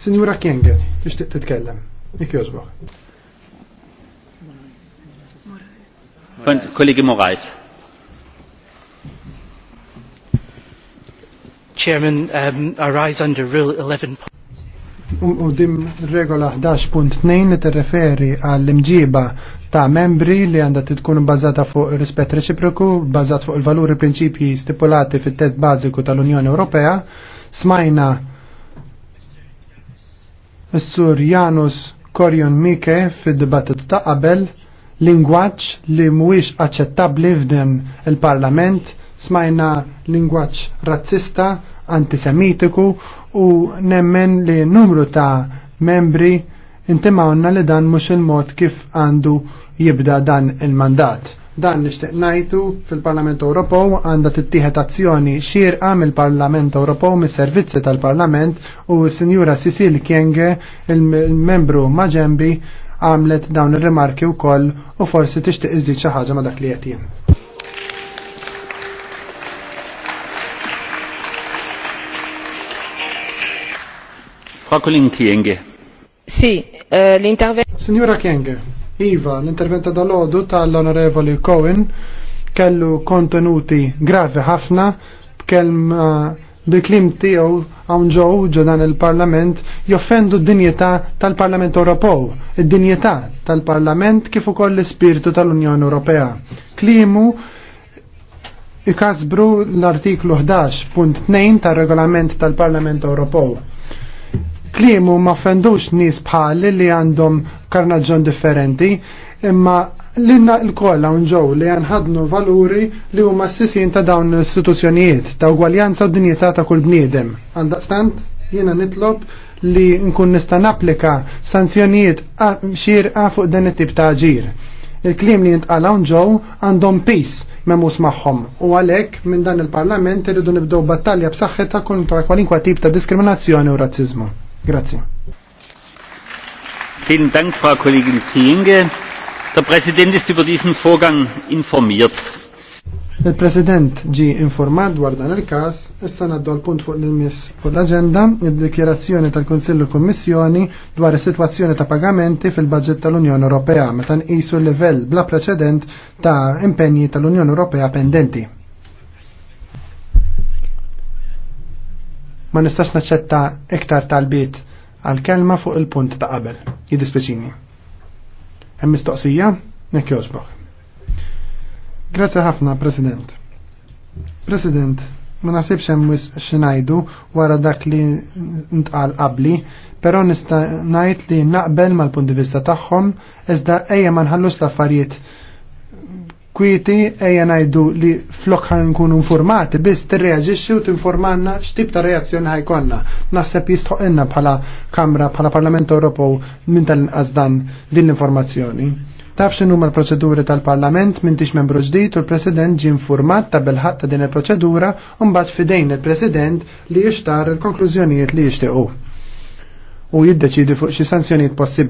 Signora Kienge, tixtieq titkellem. Ik jozbuħ. Kollegi Morais. Chairman, um, I rise under Rule 11. U dim regola 11.2 li t-referi għall-imġiba ta' membri li għandha tkun bbażata fuq rispett reċiproku, bbażat fuq il-valuri prinċipji stipulati fit-test bażiku tal-Unjoni Ewropea, smajna is sur Janus Korjon Mike fid-dibattitu ta' qabel lingwaġġ li mhuwiex aċċettabbli f'dem il-Parlament smajna lingwaġġ razzista, antisemitiku u nemmen li numru ta' membri intimawna li dan mhux il-mod kif għandu jibda dan il-mandat. Dan nixtieq ngħidu fil-Parlament Ewropew għandha tittieħed azzjoni xierqa mill-Parlament Ewropew mis-servizzi tal-Parlament u s-Sinjura Sisil Kienge, il-membru maġembi, għamlet dawn ir-rimarki wkoll u forsi tixtieq iżdid xi ħaġa ma' dak li qed Frau Kollegin Kienge. Sì, eh, Signora Kienge, Iva, l-interventa dal-ħodu tal-onorevoli Cohen kellu kontenuti gravi ħafna b'kelm bil-klim tiegħu hawn ġew dan il-Parlament joffendu d-dinjetà tal-Parlament Ewropew, id-dinjetà tal-Parlament kif ukoll l-ispirtu tal-Unjoni Ewropea. Klimu ikasbru l-artiklu 11.2 tal-regolament tal-Parlament Ewropew klimu ma fendux nis bħalli li għandhom karnaġġon differenti, imma l-inna l-kolla unġow li għanħadnu valuri li huma s-sisin ta' dawn l-istituzzjonijiet, ta' ugwaljanza u dinjeta ta' kull bniedem. Għandaqstant, jiena nitlob li nkun nista' napplika sanzjonijiet xirqa fuq dan it-tip ta' ġir. Il-klim li jintqala ġew għandhom pis memus magħhom u għalhekk minn dan il-Parlament irridu nibdew battalja b'saħħitha kontra kwalinkwa tip ta' diskriminazzjoni u razziżmu. Grazzi. Vielen Dank, Frau Kollegin Der Präsident ist über diesen Vorgang informiert. Il-President ġi informat dwar dan il-kas, issa naddu għal-punt fuq l-mis fuq l-agenda, id-dikjerazzjoni tal-Konsillu Kommissjoni dwar is-sitwazzjoni ta' pagamenti fil-budget tal-Unjoni Ewropea meta nqisu l-livell bla preċedent ta' impenji tal-Unjoni Ewropea pendenti. Ma nistax naċċetta iktar tal-bit għal-kelma fuq il-punt ta' qabel jidispeċini. Hemm mistoqsija, nek joġbok. Grazzi ħafna, President. President, ma nasibx hemm xinajdu wara dak li ntqal qabli, però nista' ngħid li naqbel mal-punt di vista tagħhom iżda ejja ma nħallux l-affarijiet kwieti ejja ngħidu li flok ħan nkunu informati, biss tirreagġixxi u tinformanna x'tip ta' reazzjoni ħajkonna. Naħseb jistħoqilna bħala Kamra, bħala Parlament Ewropew minn tal-inqas dan din l-informazzjoni. Taf xinu ma l-proċeduri tal-Parlament minn tix membru ġdijt u l-President ġi informat ta' belħat ta' din il-proċedura un-bat fidejn il-President li jixtar il-konklużjonijiet li jixtiequ. u jiddeċidi fuq xi sanzjonijiet possibbli.